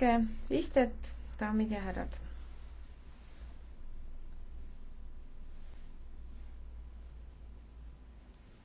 võtke istet, daamid ja härrad